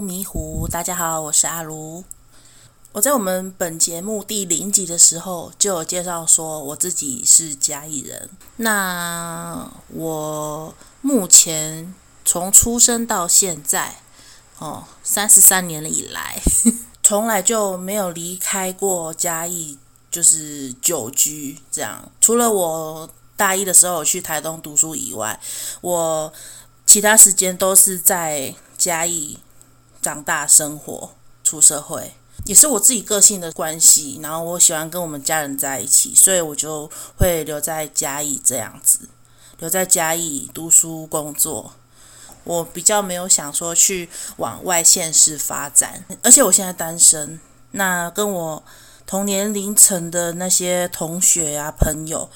迷糊，大家好，我是阿如。我在我們本節目第零集的時候就有介紹說，我自己是嘉義人。那我目前從出生到現在，哦，三十三年了以來，從來就沒有離開過嘉義，就是久居這樣。除了我大一的時候去台東讀書以外，我其他時間都是在嘉義。長大、生活、出社會，也是我自己個性的關係。然後我喜歡跟我們家人在一起，所以我就會留在嘉義這樣子，留在嘉義讀書、工作。我比較沒有想說去往外縣市發展，而且我現在單身。那跟我同年齡層的那些同學啊、朋友，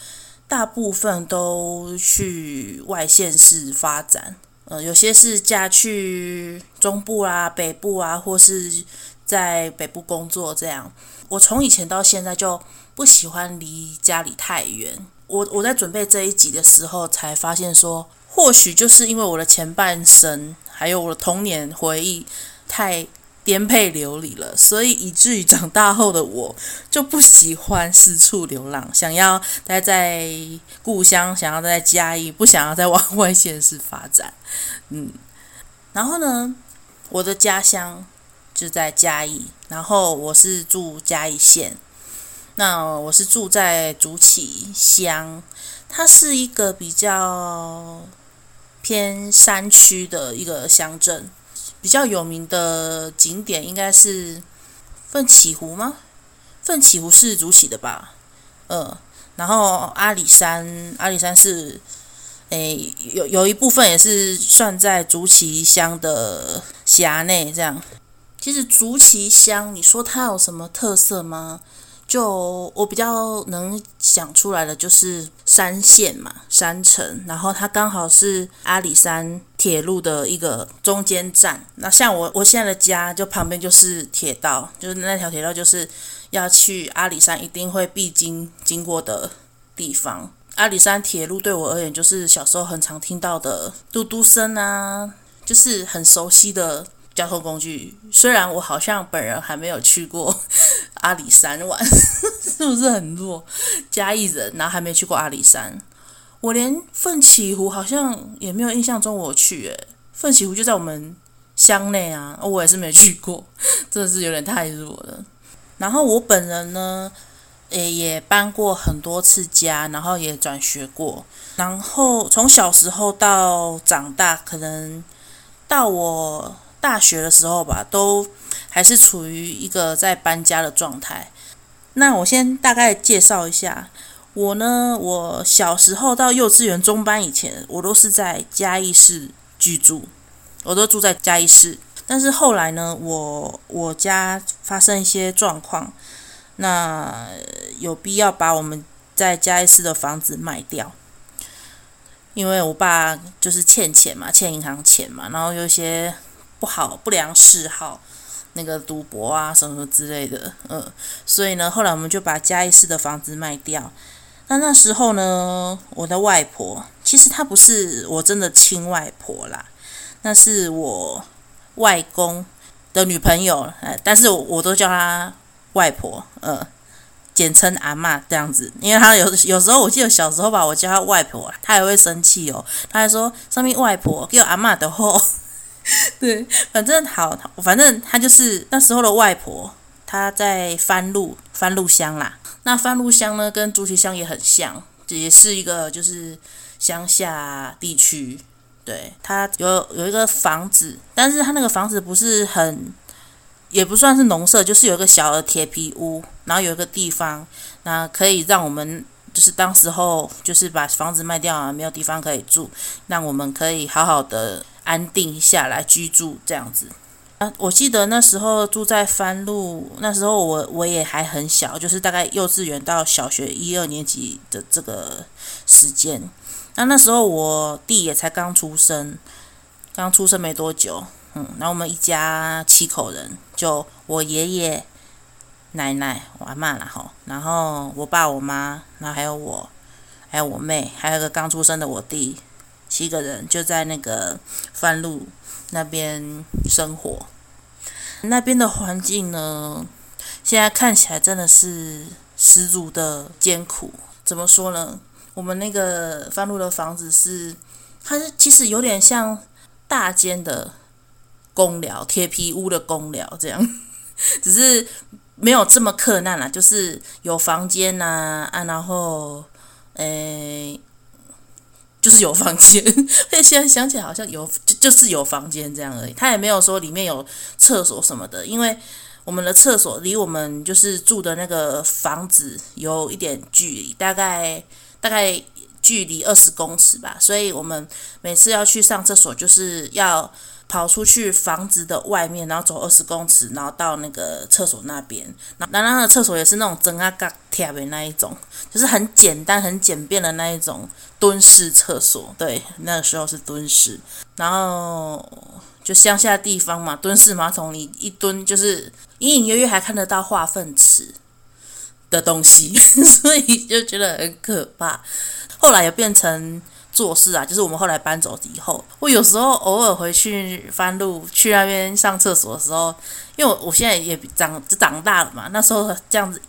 大部分都去外縣市發展。呃，有些是嫁去中部啊、北部啊，或是在北部工作這樣。我從以前到現在就不喜歡離家裡太遠。我我在準備這一集的時候才發現說，說或許就是因為我的前半生還有我的童年回憶太。顛沛流離了，所以以至於長大後的我就不喜歡四處流浪，想要待在故鄉，想要待在嘉義，不想要再往外縣市發展。嗯，然後呢，我的家鄉就在嘉義，然後我是住嘉義縣，那我是住在竹崎鄉，它是一個比較偏山區的一個鄉鎮。比較有名的景點應該是奮起湖嗎？奮起湖是竹崎的吧？呃、嗯，然後阿里山，阿里山是，誒、欸，有有一部分也是算在竹崎鄉的轄內。這樣，其實竹崎鄉，你說它有什麼特色嗎？就我比較能想出來的就是山線嘛，山城，然後它剛好是阿里山鐵路的一個中間站。那像我我現在的家就旁邊就是鐵道，就是那條鐵道就是要去阿里山一定會必經經過的地方。阿里山鐵路對我而言就是小時候很常聽到的嘟嘟聲啊，就是很熟悉的。交通工具，雖然我好像本人還沒有去過 阿里山玩， 是不是很弱？嘉義人，然後還沒去過阿里山，我連奮起湖，好像也沒有印象中我去，欸。誒，奮起湖就在我們鄉內啊，我也是沒去過，真的是有點太弱了。然後我本人呢，也，欸、也搬過很多次家，然後也轉學過，然後從小時候到長大，可能到我。大學的時候吧，都還是處於一個在搬家的狀態。那我先大概介紹一下我呢，我小時候到幼稚園中班以前，我都是在嘉義市居住，我都住在嘉義市。但是後來呢，我我家發生一些狀況，那有必要把我們在嘉義市的房子賣掉，因為我爸就是欠錢嘛，欠銀行錢嘛，然後有一些。不好，不良嗜好，那個賭博啊，什麼什麼之類的，嗯、呃，所以呢，後來我們就把嘉義市的房子賣掉。那那時候呢，我的外婆，其實她不是我真的親外婆啦，那是我外公的女朋友，唉，但是我，我都叫她外婆，嗯、呃，簡稱阿嬤這樣子，因為她有有時候，我記得小時候吧，我叫她外婆，她也會生氣哦，她還說上面外婆叫阿嬤的話。對，反正好，反正他就是那時候的外婆，他在番路番路鄉啦。那番路鄉呢，跟竹崎鄉也很像，這也是一個就是鄉下地區。對，他有有一個房子，但是他那個房子不是很，也不算是農舍，就是有一個小的鐵皮屋，然後有一個地方，那可以讓我們就是當時候就是把房子賣掉啊，沒有地方可以住，讓我們可以好好的。安定下來居住這樣子啊，我記得那時候住在番路，那時候我我也還很小，就是大概幼稚園到小學一二年級的這個時間。那那時候我弟也才剛出生，剛出生沒多久，嗯，那我們一家七口人，就我爺爺、奶奶、我阿嬤啦吼。然後我爸、我媽，然後還有我，還有我妹，還有個剛出生的我弟。七個人就在那個番路那邊生活，那邊的環境呢，現在看起來真的是十足的艱苦。怎麼說呢？我們那個番路的房子是，它是其實有點像大間的公寮，鐵皮屋的公寮這樣，只是沒有這麼克難，啦、啊，就是有房間吶、啊，啊，然後，誒。就是有房間，現在想起來好像有，就就是有房間這樣而已。他也沒有說裡面有廁所什麼的，因為我們的廁所離我們就是住的那個房子有一點距離，大概大概距離二十公尺吧。所以我們每次要去上廁所，就是要。跑出去房子的外面，然後走二十公尺，然後到那個廁所那邊。然後，那那個廁所也是那種真啊嘎貼的那一種，就是很簡單、很簡便的那一種蹲式廁所。對，那個時候是蹲式。然後就鄉下地方嘛，蹲式馬桶，裡一蹲就是隱隱約約還看得到化糞池的東西， 所以就覺得很可怕。後來又變成。做事啊，就是我們後來搬走以後，我有時候偶爾回去翻路去那邊上廁所的時候，因為我我現在也，也長就長大了嘛，那時候這樣子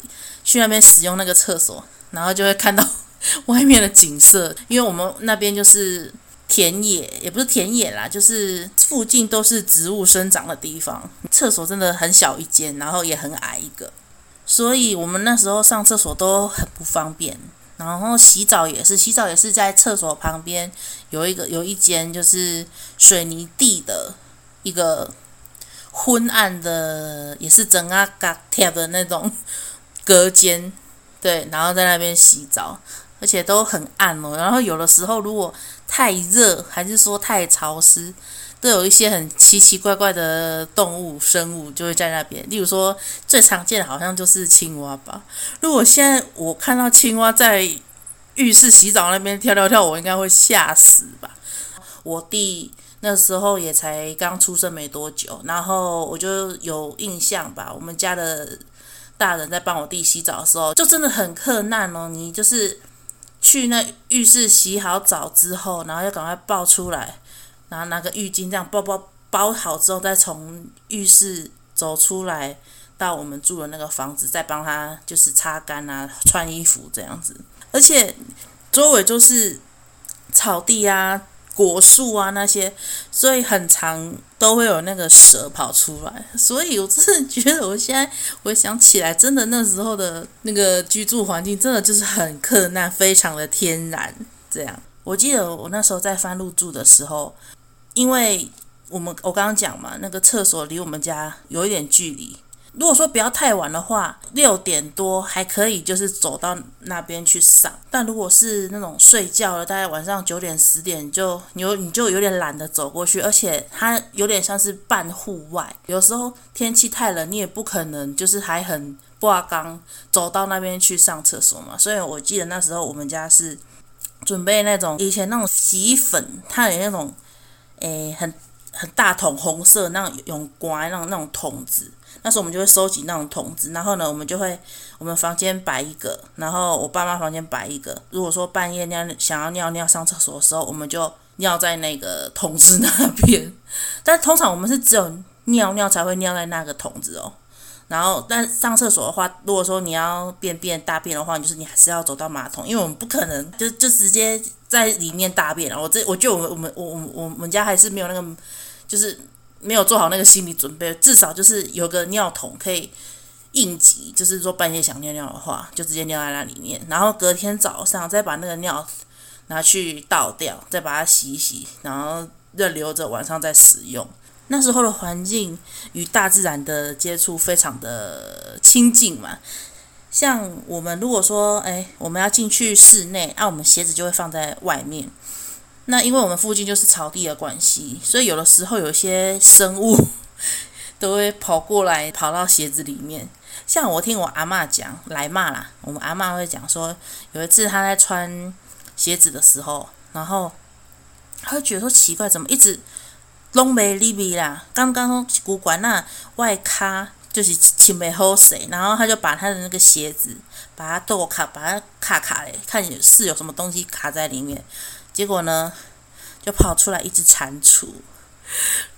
去那邊使用那個廁所，然後就會看到 外面的景色，因為我們那邊就是田野，也不是田野啦，就是附近都是植物生長的地方。廁所真的很小一間，然後也很矮一個，所以我們那時候上廁所都很不方便。然後洗澡也是，洗澡也是在廁所旁邊有一個有一間就是水泥地的一個昏暗的，也是整個嘎貼的那種隔間。對，然後在那邊洗澡，而且都很暗哦。然後有的時候如果太熱，還是說太潮濕，都有一些很奇奇怪怪的動物生物就會在那邊。例如說，最常見的好像就是青蛙吧。如果現在我看到青蛙在浴室洗澡那邊跳跳跳，我應該會嚇死吧？我弟那時候也才剛出生沒多久，然後我就有印象吧，我們家的。大人在幫我弟洗澡的時候，就真的很克難哦。你就是去那浴室洗好澡之後，然後要趕快抱出來，然後拿個浴巾這樣包包包好之後，再從浴室走出來，到我們住的那個房子，再幫他就是擦乾啊、穿衣服這樣子。而且周圍就是草地啊。果樹啊那些，所以很常都會有那個蛇跑出來，所以我真的覺得我現在回想起來，真的那時候的那個居住環境，真的就是很克難，非常的天然。這樣，我記得我那時候在番路住的時候，因為我們我剛剛講嘛，那個廁所離我們家有一點距離。如果說不要太晚的話，六點多還可以，就是走到那邊去上。但如果是那種睡覺了，大概晚上九點十點就你，你就有點懶得走過去，而且它有點像是半戶外，有時候天氣太冷，你也不可能就是還很不拉剛走到那邊去上廁所嘛。所以我記得那時候我們家是準備那種以前那種洗衣粉，它有那種誒很很大桶紅色那種用管那種那種桶子。那時候我們就會收集那種桶子，然後呢，我們就會我們房間擺一個，然後我爸媽房間擺一個。如果說半夜尿想要尿尿上廁所的時候，我們就尿在那個桶子那邊。但通常我們是只有尿尿才會尿在那個桶子哦。然後，但上廁所的話，如果說你要便便大便的話，就是你還是要走到馬桶，因為我們不可能就就直接在裡面大便了。我這我就我們我們我我我們家還是沒有那個，就是。沒有做好那個心理準備，至少就是有個尿桶可以應急，就是說半夜想尿尿的話，就直接尿在那裡面，然後隔天早上再把那個尿拿去倒掉，再把它洗一洗，然後再留着晚上再使用。那時候的環境與大自然的接觸非常的親近嘛，像我們如果說哎，我們要進去室內，那、啊、我們鞋子就會放在外面。那因為我們附近就是草地的關係，所以有的時候有些生物都會跑過來，跑到鞋子裡面。像我聽我阿嬤講，來嘛啦，我們阿嬤會講說，有一次她在穿鞋子的時候，然後她會覺得說奇怪，怎麼一直弄沒離袂啦？剛剛去骨管那外卡就是穿沒好勢，然後她就把她的那個鞋子，把它都卡，把它卡卡的，看是有什麼東西卡在裡面。結果呢，就跑出來一只蟾蜍，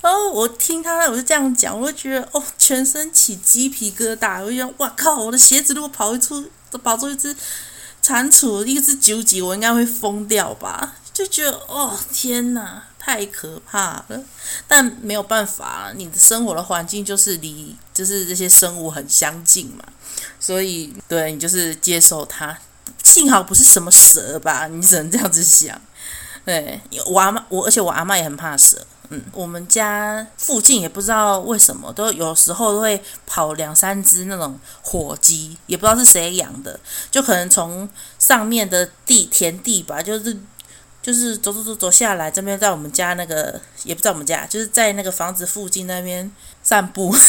然後我聽他，我就這樣講，我就覺得哦，全身起雞皮疙瘩，我就想，哇靠，我的鞋子如果跑一出，跑出一只蟾蜍，一只九結，我應該會瘋掉吧？就覺得哦，天吶，太可怕了。但沒有辦法，你的生活的環境就是離，就是這些生物很相近嘛，所以對你就是接受它。幸好不是什麼蛇吧，你只能這樣子想。對，我阿媽，我而且我阿媽也很怕蛇。嗯，我們家附近也不知道為什麼，都有時候會跑兩三隻那種火雞，也不知道是誰養的，就可能從上面的地田地吧，就是就是走走走走下來，這邊在我們家那個也不知道我們家，就是在那個房子附近那邊散步。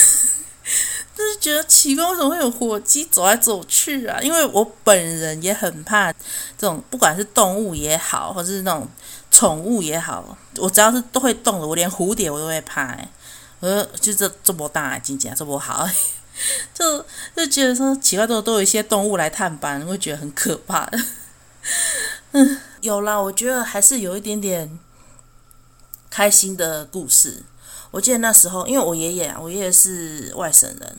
就是覺得奇怪，為什麼會有火雞走來走去啊？因為我本人也很怕這種，不管是動物也好，或是那種寵物也好，我只要是都會動的，我連蝴蝶我都會怕、欸。我就，就這這麼大環境這麼好， 就就覺得說奇怪，都都有一些動物來探班，會覺得很可怕。 嗯，有啦，我覺得還是有一點點開心的故事。我記得那時候，因為我爺爺啊，我爺爺是外省人，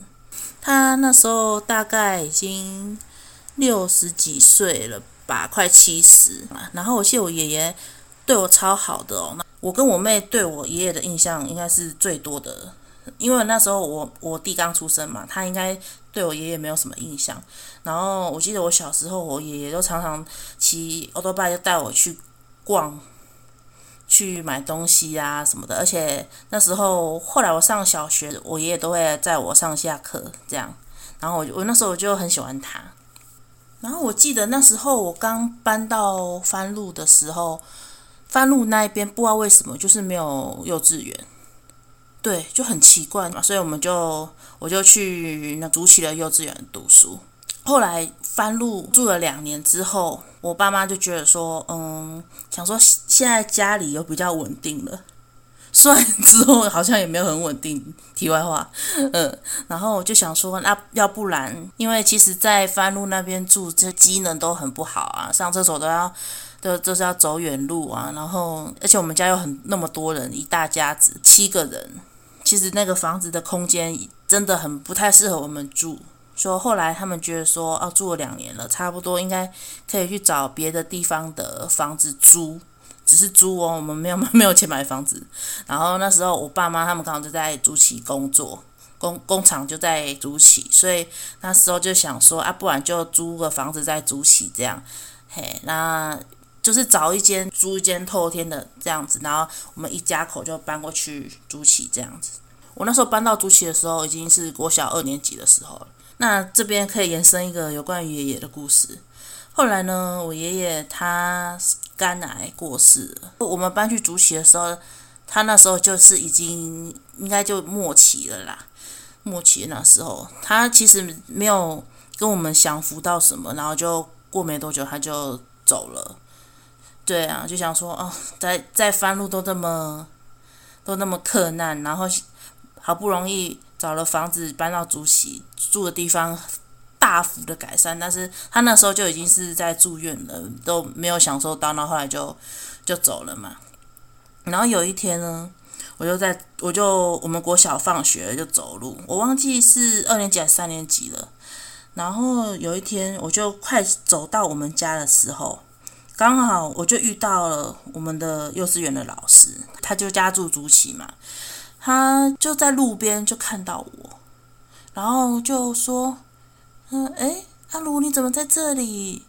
他那時候大概已經六十幾歲了吧，快七十。然後我記得我爺爺對我超好的哦，那我跟我妹對我爺爺的印象應該是最多的，因為那時候我我弟剛出生嘛，他應該對我爺爺沒有什麼印象。然後我記得我小時候，我爺爺都常常騎歐多巴，就帶我去逛。去買東西啊什麼的，而且那時候後來我上小學，我爺爺都會載我上下課，這樣。然後我我那時候我就很喜歡他。然後我記得那時候我剛搬到番路的時候，番路那一邊不知道為什麼就是沒有幼稚園，對，就很奇怪嘛。所以我們就我就去那竹崎的幼稚園讀書。後來番路住了兩年之後，我爸媽就覺得說，嗯，想說現在家裡又比較穩定了，雖然之後好像也沒有很穩定。題外話，嗯，然後我就想說，那、啊、要不然，因為其實，在番路那邊住，這機能都很不好啊，上廁所都要都都、就是要走遠路啊，然後而且我們家有很那麼多人，一大家子七個人，其實那個房子的空間真的很不太適合我們住。說後來他們覺得說，哦、啊，住了兩年了，差不多應該可以去找別的地方的房子租，只是租哦，我們沒有沒有錢買房子。然後那時候我爸媽他們剛好就在竹崎工作，工工廠就在竹崎。所以那時候就想說，啊，不然就租個房子在竹崎。這樣，嘿，那就是找一間租一間透天的這樣子，然後我們一家口就搬過去竹崎這樣子。我那時候搬到竹崎的時候，已經是國小二年級的時候了。那這邊可以延伸一個有關於爺爺的故事。後來呢，我爺爺他肝癌過世了。我們搬去竹崎的時候，他那時候就是已經應該就末期了啦。末期那時候，他其實沒有跟我們享福到什麼，然後就過沒多久他就走了。對啊，就想說哦，在在番路都這麼都那麼困難，然後。好不容易找了房子搬到竹崎，住的地方大幅的改善。但是他那時候就已經是在住院了，都沒有享受到。那後，後來就就走了嘛。然後有一天呢，我就在我就我們國小放學了就走路，我忘記是二年級還是三年級了。然後有一天，我就快走到我們家的時候，剛好我就遇到了我們的幼稚園的老師，他就家住竹崎嘛。他就在路邊就看到我，然後就說：“嗯，哎、欸，阿茹，你怎麼在這裡？你、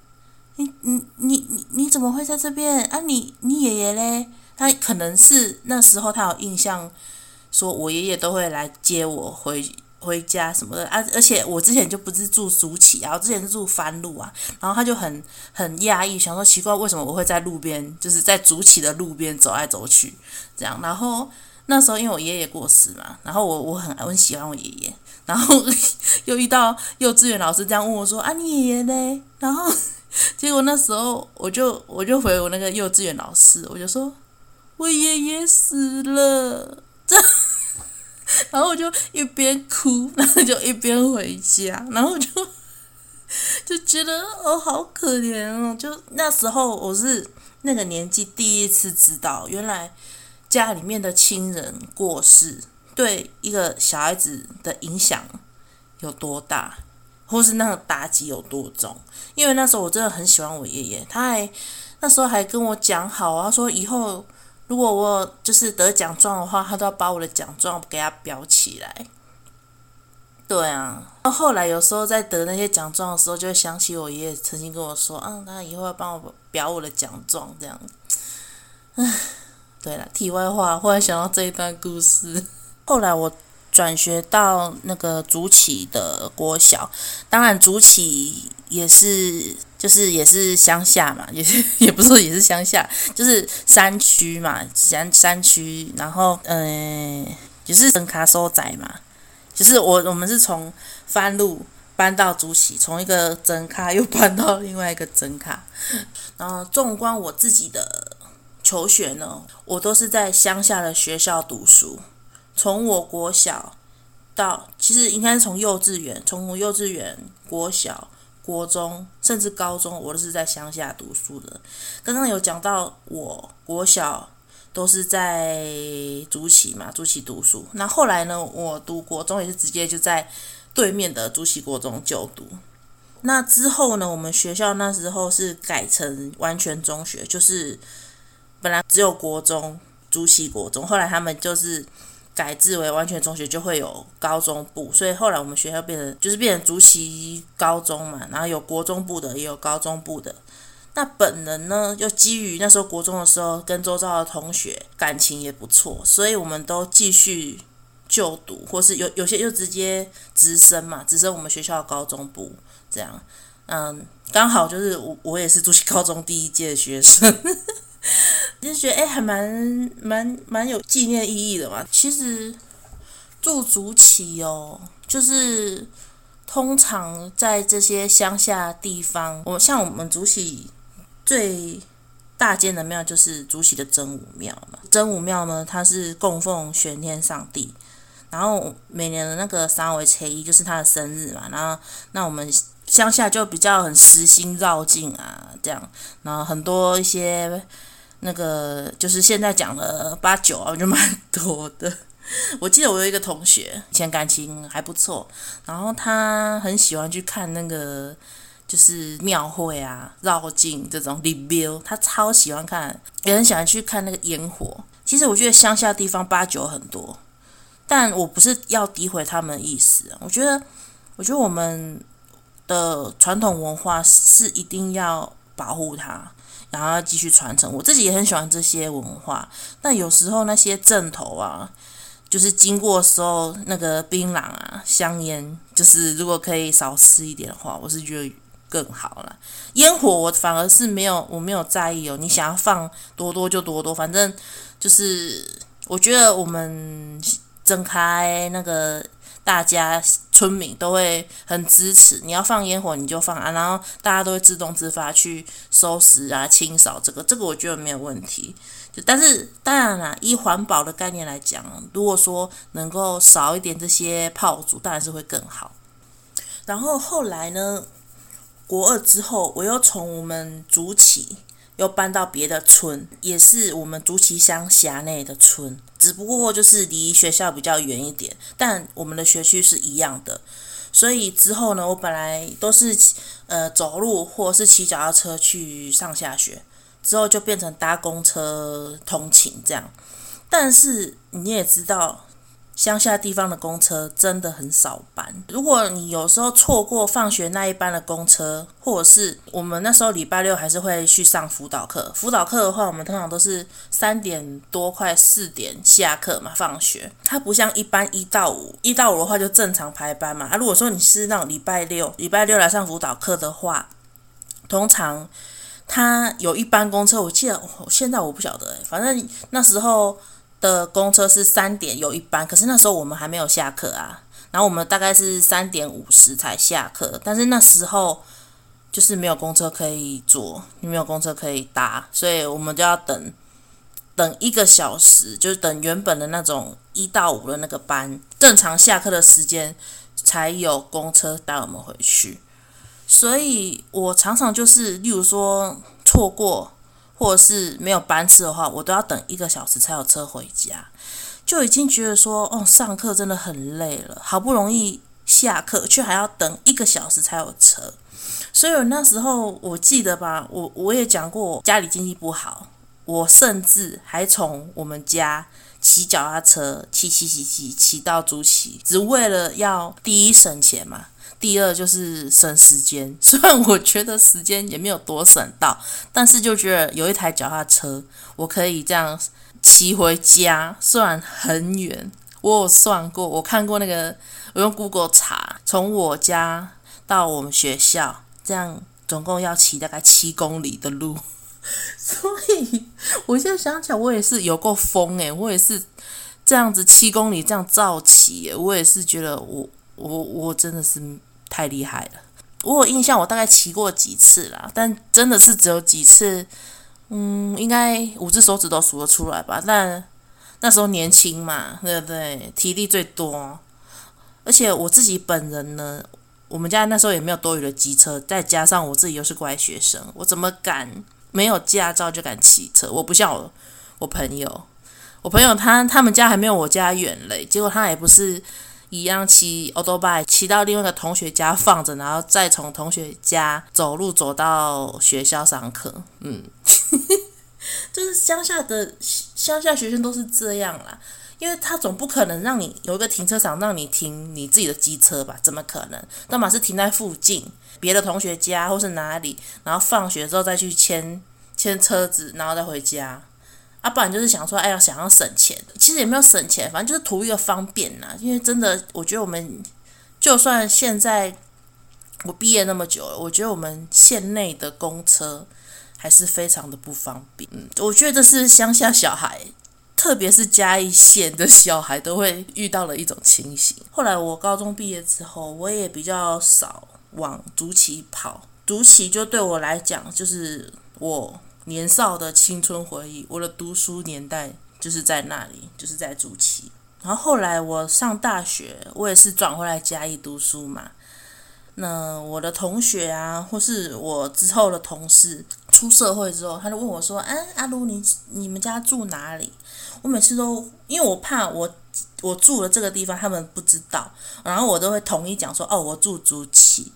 你、你、你，怎麼會在這邊？啊，你、你爺爺嘞？他可能是那時候他有印象，說我爺爺都會來接我回回家什麼的。啊，而且我之前就不是住竹崎，然後之前住番路啊，然後他就很很訝異，想說奇怪，為什麼我會在路邊，就是在竹崎的路邊走來走去這樣，然後。”那時候因為我爺爺過世嘛，然後我我很我很喜歡我爺爺，然後又遇到幼稚園老師這樣問我說：“啊，你爺爺呢？”然後結果那時候我就我就回我那個幼稚園老師，我就說：“我爺爺死了。”這，然後我就一邊哭，然後就一邊回家，然後就就覺得哦，好可憐哦！就那時候我是那個年紀第一次知道，原來，家裡面的親人過世，對一個小孩子的影響有多大，或是那個打擊有多重？因為那時候我真的很喜歡我爺爺，他還那時候還跟我講，好，啊，說以後如果我就是得獎狀的話，他都要把我的獎狀給他裱起來。對啊，後，後來有時候在得那些獎狀的時候，就會想起我爺爺曾經跟我說，嗯，他以後要幫我裱我的獎狀這樣。唉。 對了，題外話，忽然想到這一段故事。後來我轉學到那個竹崎的國小，當然竹崎也是，就是也是鄉下嘛，也是也不是說也是鄉下，就是山區嘛，山山區。然後，嗯、呃，也、就是莊腳所在嘛，就是我我們是從番路搬到竹崎，從一個莊腳又搬到另外一個莊腳。然後，縱觀我自己的。求學呢，我都是在鄉下的學校讀書，從我國小到其實應該是從幼稚園，從幼稚園、國小、國中，甚至高中，我都是在鄉下讀書的。剛剛有講到我國小都是在竹崎嘛，竹崎讀書。那後來呢，我讀國中也是直接就在對面的竹崎國中就讀。那之後呢，我們學校那時候是改成完全中學，就是。本來只有國中，竹崎國中，後來他們就是改制為完全中學，就會有高中部，所以後來我們學校變成就是變成竹崎高中嘛，然後有國中部的，也有高中部的。那本人呢，又基於那時候國中的時候跟周遭的同學感情也不錯，所以我們都繼續就讀，或是有有些就直接直升嘛，直升我們學校的高中部這樣。嗯，剛好就是我我也是竹崎高中第一屆的學生。 就覺得誒、欸，還蠻蠻蠻有紀念意義的嘛。其實竹崎哦、喔，就是通常在這些鄉下地方，我像我們竹崎最大間的廟就是竹崎的真武廟嘛。真武廟呢，它是供奉玄天上帝，然後每年的那個三月初一就是他的生日嘛。然後那我們鄉下就比較很實心繞境啊，這樣，然後很多一些。那個就是現在講了八九啊，就蠻多的。我記得我有一個同學，以前感情還不錯，然後他很喜歡去看那個就是廟會啊、繞境這種禮節，他超喜歡看，也很喜歡去看那個煙火。其實我覺得鄉下的地方八九很多，但我不是要詆毀他們的意思，我覺得我覺得我們的傳統文化是一定要保護它。然後繼續傳承，我自己也很喜歡這些文化。但有時候那些陣頭啊，就是經過的時候那個檳榔啊、香菸，就是如果可以少吃一點的話，我是覺得更好了。煙火我反而是沒有，我沒有在意哦。你想要放多多就多多，反正就是我覺得我們睜開那個。大家村民都會很支持，你要放煙火你就放啊，然後大家都會自動自發去收拾啊、清掃這個，這個我覺得沒有問題。但是當然了、啊，以環保的概念來講，如果說能夠少一點這些炮竹，當然是會更好。然後後來呢，國二之後，我又從我們竹崎。又搬到別的村，也是我們竹崎鄉轄內的村，只不過就是離學校比較遠一點，但我們的學區是一樣的。所以之後呢，我本來都是呃走路或是騎腳踏車去上下學，之後就變成搭公車通勤這樣。但是你也知道。鄉下地方的公車真的很少班。如果你有時候錯過放學那一班的公車，或者是我們那時候禮拜六還是會去上輔導課。輔導課的話，我們通常都是三點多快四點下課嘛，放學。它不像一般一到五，一到五的話就正常排班嘛。啊，如果說你是那種禮拜六，禮拜六來上輔導課的話，通常它有一班公車。我記得，現在我不曉得欸，反正那時候。的公車是三點有一班，可是那時候我們還沒有下課啊。然後我們大概是三點五十才下課，但是那時候就是沒有公車可以坐，沒有公車可以搭，所以我們就要等等一個小時，就是等原本的那種一到五的那個班正常下課的時間才有公車帶我們回去。所以我常常就是，例如說錯過。或者是沒有班次的話，我都要等一個小時才有車回家，就已經覺得說，哦，上課真的很累了，好不容易下課，卻還要等一個小時才有車。所以我那時候我記得吧，我我也講過，家裡經濟不好，我甚至還從我們家騎腳踏車騎騎騎騎騎到竹崎，只為了要第一省錢嘛。第二就是省時間，雖然我覺得時間也沒有多省到，但是就覺得有一台腳踏車，我可以這樣騎回家。雖然很遠，我有算過，我看過那個，我用 Google 查，從我家到我們學校，這樣總共要騎大概七公里的路。所以我現在想起來，我也是有夠瘋誒，我也是這樣子七公里這樣照騎、欸、我也是覺得我我我真的是。太厲害了！我有印象，我大概騎過幾次啦，但真的是只有幾次，嗯，應該五隻手指都數得出來吧。但那時候年輕嘛，對不對？體力最多，而且我自己本人呢，我們家那時候也沒有多餘的機車，再加上我自己又是乖學生，我怎麼敢沒有駕照就敢騎車？我不像我我朋友，我朋友他他們家還沒有我家遠嘞，結果他也不是。一樣騎歐兜拜，騎到另外一個同學家放着，然後再從同學家走路走到學校上課。嗯， 就是鄉下的鄉下學生都是這樣啦，因為他總不可能讓你有一個停車場讓你停你自己的機車吧？怎麼可能？那嘛是停在附近別的同學家或是哪裡，然後放學之後再去牽牽車子，然後再回家。啊，不然就是想說，哎呀，想要省錢，其實也沒有省錢，反正就是圖一個方便啦。因為真的，我覺得我們就算現在我畢業那麼久了，我覺得我們縣內的公車還是非常的不方便。嗯，我覺得這是鄉下小孩，特別是嘉義縣的小孩都會遇到了一種情形。後來我高中畢業之後，我也比較少往竹崎跑，竹崎就對我來講，就是我年少的青春回憶，我的讀書年代就是在那裡，就是在竹崎。然後後來我上大學，我也是轉回來嘉義讀書嘛。那我的同學啊，或是我之後的同事出社會之後，他就問我說：“誒、啊，阿茹，你你們家住哪裡？”我每次都因為我怕我我住的這個地方，他們不知道，然後我都會統一講說：“哦，我住竹崎。”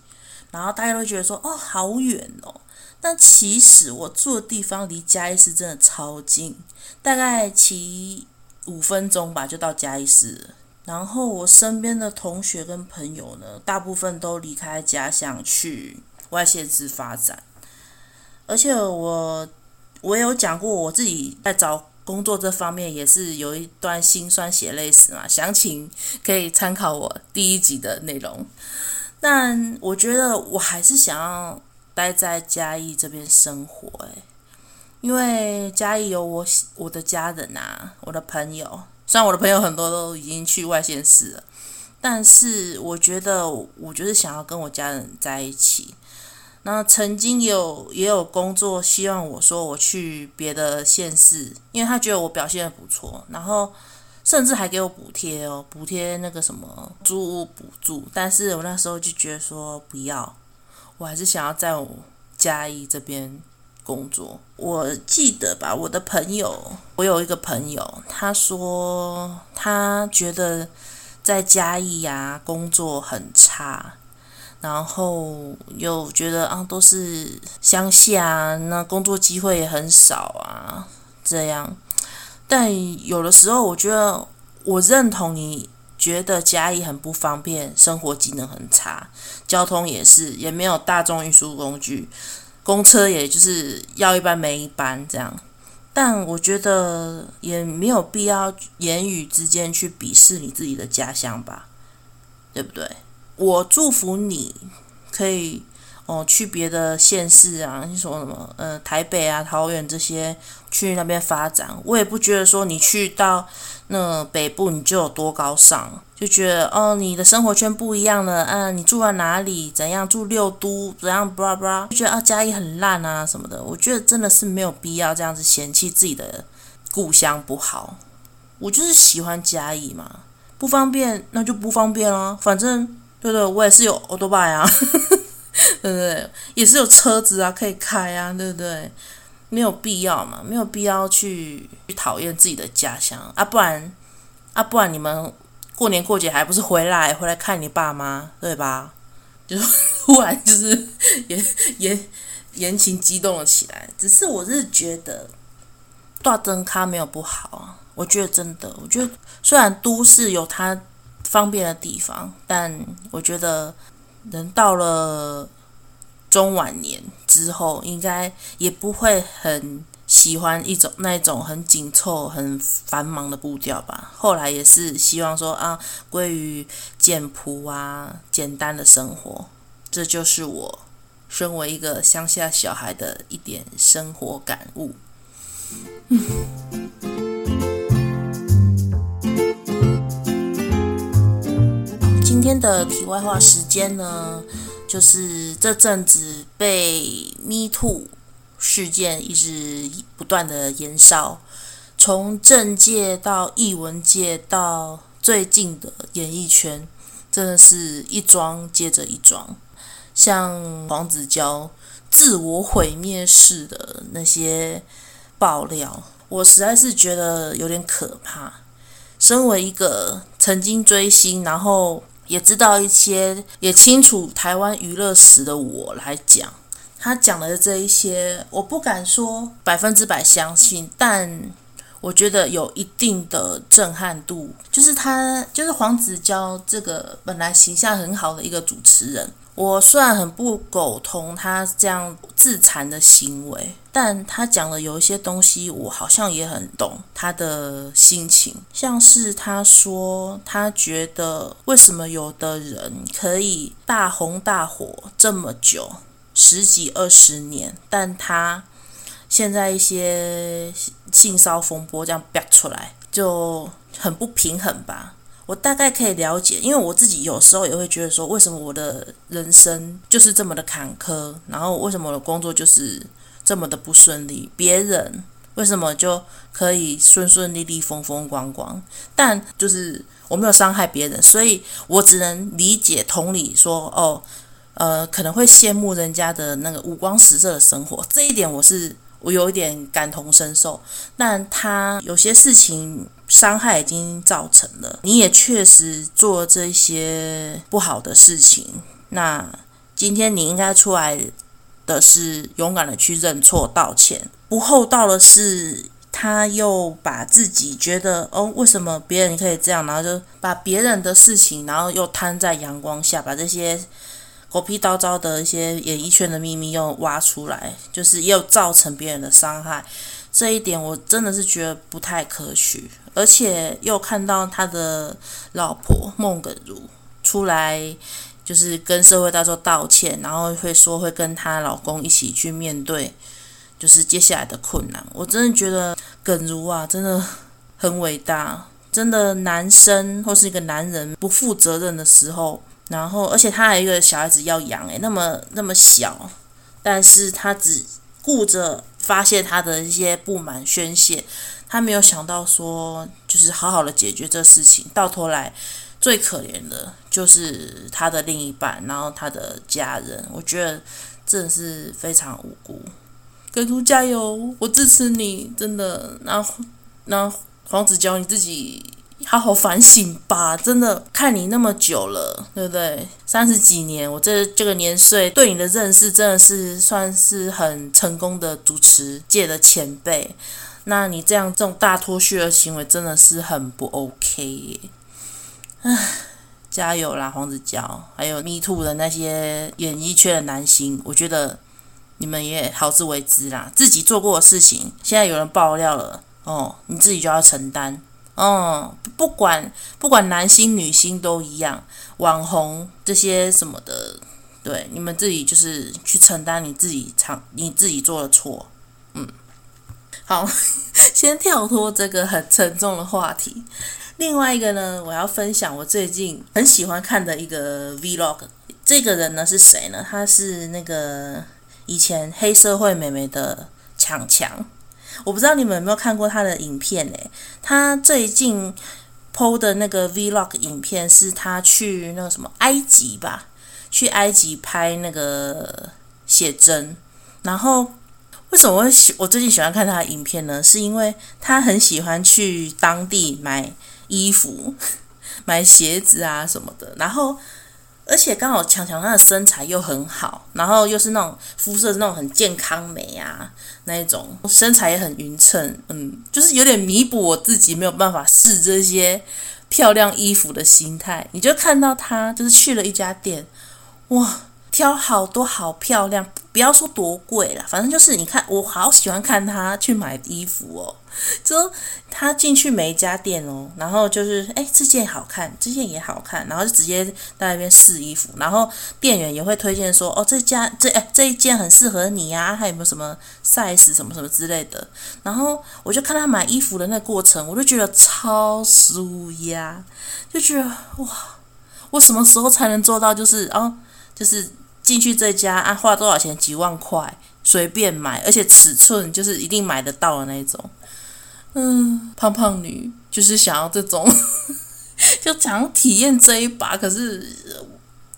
然後大家都會覺得說：“哦，好遠哦。”但其實我住的地方離嘉義市真的超近，大概騎五分鐘吧，就到嘉義市。然後我身邊的同學跟朋友呢，大部分都離開家鄉去外縣市發展。而且我我有講過，我自己在找工作這方面也是有一段辛酸血淚史嘛。詳情可以參考我第一集的內容。但我覺得我還是想要待在嘉義這邊生活，欸，誒，因為嘉義有我我的家人吶、啊，我的朋友。雖然我的朋友很多都已經去外縣市了，但是我覺得我，我就是想要跟我家人在一起。那曾經有也有工作，希望我說我去別的縣市，因為他覺得我表現得不錯，然後甚至還給我補貼哦，補貼那個什麼租屋補助。但是我那時候就覺得說不要。我還是想要在我嘉義這邊工作。我記得吧，我的朋友，我有一個朋友，他說他覺得在嘉義啊工作很差，然後又覺得啊都是鄉下，那工作機會也很少啊，這樣。但有的時候我覺得我認同你。覺得家裡很不方便，生活機能很差，交通也是，也沒有大眾運輸工具，公車也就是要一班沒一班這樣。但我覺得也沒有必要言語之間去鄙視你自己的家鄉吧，對不對？我祝福你可以。哦，去別的縣市啊，你說什麼，什麼呃，台北啊、桃園這些，去那邊發展，我也不覺得說你去到那北部你就有多高尚，就覺得哦，你的生活圈不一樣了，嗯、啊，你住在哪裡，怎樣住六都，怎樣不拉布拉，blah blah 就覺得啊嘉義很爛啊什麼的，我覺得真的是沒有必要這樣子嫌棄自己的故鄉不好。我就是喜歡嘉義嘛，不方便那就不方便啦，啊，反正對對我也是有歐多拜啊。 對不對？也是有車子啊，可以開啊，對不對？沒有必要嘛，沒有必要去去討厭自己的家鄉啊，不然啊，不然你們過年過節還不是回來回來看你爸媽，對吧？就突然就是言言言情激動了起來。只是我是覺得大燈咖沒有不好啊，我覺得真的，我覺得雖然都市有它方便的地方，但我覺得。人到了中晚年之後，應該也不會很喜歡一種那一種很緊湊、很繁忙的步調吧。後來也是希望說啊，歸於簡樸啊，簡單的生活。這就是我身為一個鄉下小孩的一點生活感悟。嗯 今天的題外話時間呢，就是這陣子被 “me too” 事件一直不斷的延燒，從政界到藝文界，到最近的演藝圈，真的是一樁接着一樁，像黃子佼自我毀滅式的那些爆料，我實在是覺得有點可怕。身為一個曾經追星，然後也知道一些，也清楚台灣娛樂史的我來講，他講的這一些，我不敢說百分之百相信，但我覺得有一定的震撼度。就是他，就是黃子佼這個本來形象很好的一個主持人，我雖然很不苟同他這樣自殘的行為。但他講的有一些東西，我好像也很懂他的心情。像是他說，他覺得為什麼有的人可以大紅大火這麼久，十幾二十年，但他現在一些性騷風波這樣飆出來，就很不平衡吧？我大概可以了解，因為我自己有時候也會覺得說，為什麼我的人生就是這麼的坎坷，然後為什麼我的工作就是這麼的不順利，別人為什麼就可以順順利利、風風光光？但就是我沒有傷害別人，所以我只能理解、同理說哦，呃，可能會羨慕人家的那個五光十色的生活。這一點我是我有一點感同身受。但他有些事情傷害已經造成了，你也確實做這些不好的事情。那今天你應該出來。的是勇敢的去認錯道歉，不厚道的是他又把自己覺得哦，為什麼別人可以這樣，然後就把別人的事情，然後又攤在陽光下，把這些狗屁叨叨的一些演藝圈的秘密又挖出來，就是又造成別人的傷害。這一點我真的是覺得不太可取，而且又看到他的老婆孟耿如出來。就是跟社會大眾道歉，然後會說會跟她老公一起去面對，就是接下來的困難。我真的覺得耿如啊，真的很偉大。真的，男生或是一個男人不負責任的時候，然後而且他還有一個小孩子要養誒、欸，那麼那麼小，但是他只顧着發泄他的一些不滿宣泄，他沒有想到說就是好好的解決這事情，到頭來。最可憐的就是他的另一半，然後他的家人，我覺得真的是非常無辜。跟圖加油，我支持你，真的。然後，那黃子佼你自己好好反省吧，真的。看你那麼久了，對不對？三十幾年，我這這個年歲對你的認識，真的是算是很成功的主持界的前輩。那你這樣這種大脫序的行為，真的是很不 OK 耶。唉，加油啦，黃子佼，還有 Me Too 的那些演藝圈的男星，我覺得你們也好自為之啦。自己做過的事情，現在有人爆料了哦，你自己就要承擔哦。不管不管男星女星都一樣，網紅這些什麼的，對，你們自己就是去承擔你自己嘗你自己做的錯。嗯，好，先跳脫這個很沉重的話題。另外一個呢，我要分享我最近很喜歡看的一個 Vlog。這個人呢是誰呢？他是那個以前黑社會美眉的強強。我不知道你們有沒有看過他的影片嘞？他最近 PO 的那個 Vlog 影片是他去那個什麼埃及吧，去埃及拍那個寫真。然後為什麼會喜？我最近喜歡看他的影片呢，是因為他很喜歡去當地買。衣服，買鞋子啊什麼的，然後，而且剛好強強他的身材又很好，然後又是那種膚色是那種很健康美啊，那種身材也很勻稱，嗯，就是有點彌補我自己沒有辦法試這些漂亮衣服的心態。你就看到他就是去了一家店，哇，挑好多好漂亮。不要說多貴了，反正就是你看，我好喜歡看他去買衣服哦。就他進去每一家店哦，然後就是哎，這件好看，這件也好看，然後就直接在那邊試衣服，然後店員也會推薦說，哦，這家這誒這一件很適合你呀、啊，還有沒有什麼 size 什麼什麼之類的。然後我就看他買衣服的那過程，我就覺得超紓壓，呀，就覺得哇，我什麼時候才能做到就是哦，就是。進去這家啊，花多少錢？幾萬塊隨便買，而且尺寸就是一定買得到的那種。嗯，胖胖女就是想要這種， 就想要體驗這一把，可是。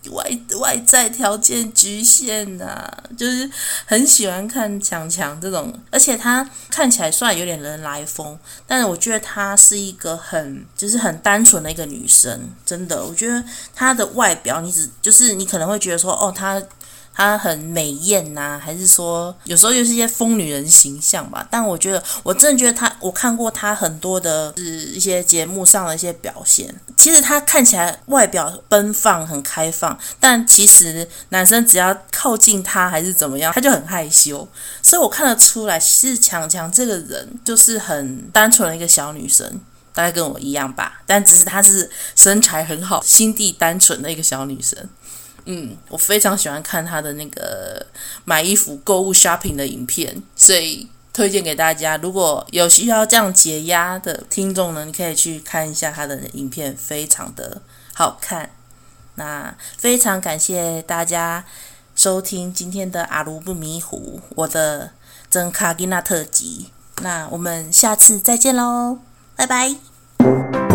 外外在條件局限吶、啊，就是很喜歡看強強這種，而且她看起來雖然有點人來瘋，但是我覺得她是一個很，就是很單純的一個女生，真的，我覺得她的外表你只，就是你可能會覺得說，哦，她她很美艷吶、啊，還是說有時候就是一些瘋女人形象吧？但我覺得，我真的覺得她，我看過她很多的是一些節目上的一些表現。其實她看起來外表奔放、很開放，但其實男生只要靠近她還是怎麼樣，她就很害羞。所以我看得出來，其實強強這個人就是很單純的一個小女生，大概跟我一樣吧。但只是她是身材很好、心地單純的一個小女生。嗯，我非常喜歡看他的那個買衣服、購物、shopping 的影片，所以推薦給大家。如果有需要這樣解壓的聽眾呢，你可以去看一下他的影片，非常的好看。那非常感謝大家收聽今天的阿茹不迷糊我的莊腳囝仔特輯。那我們下次再見嘍，拜拜。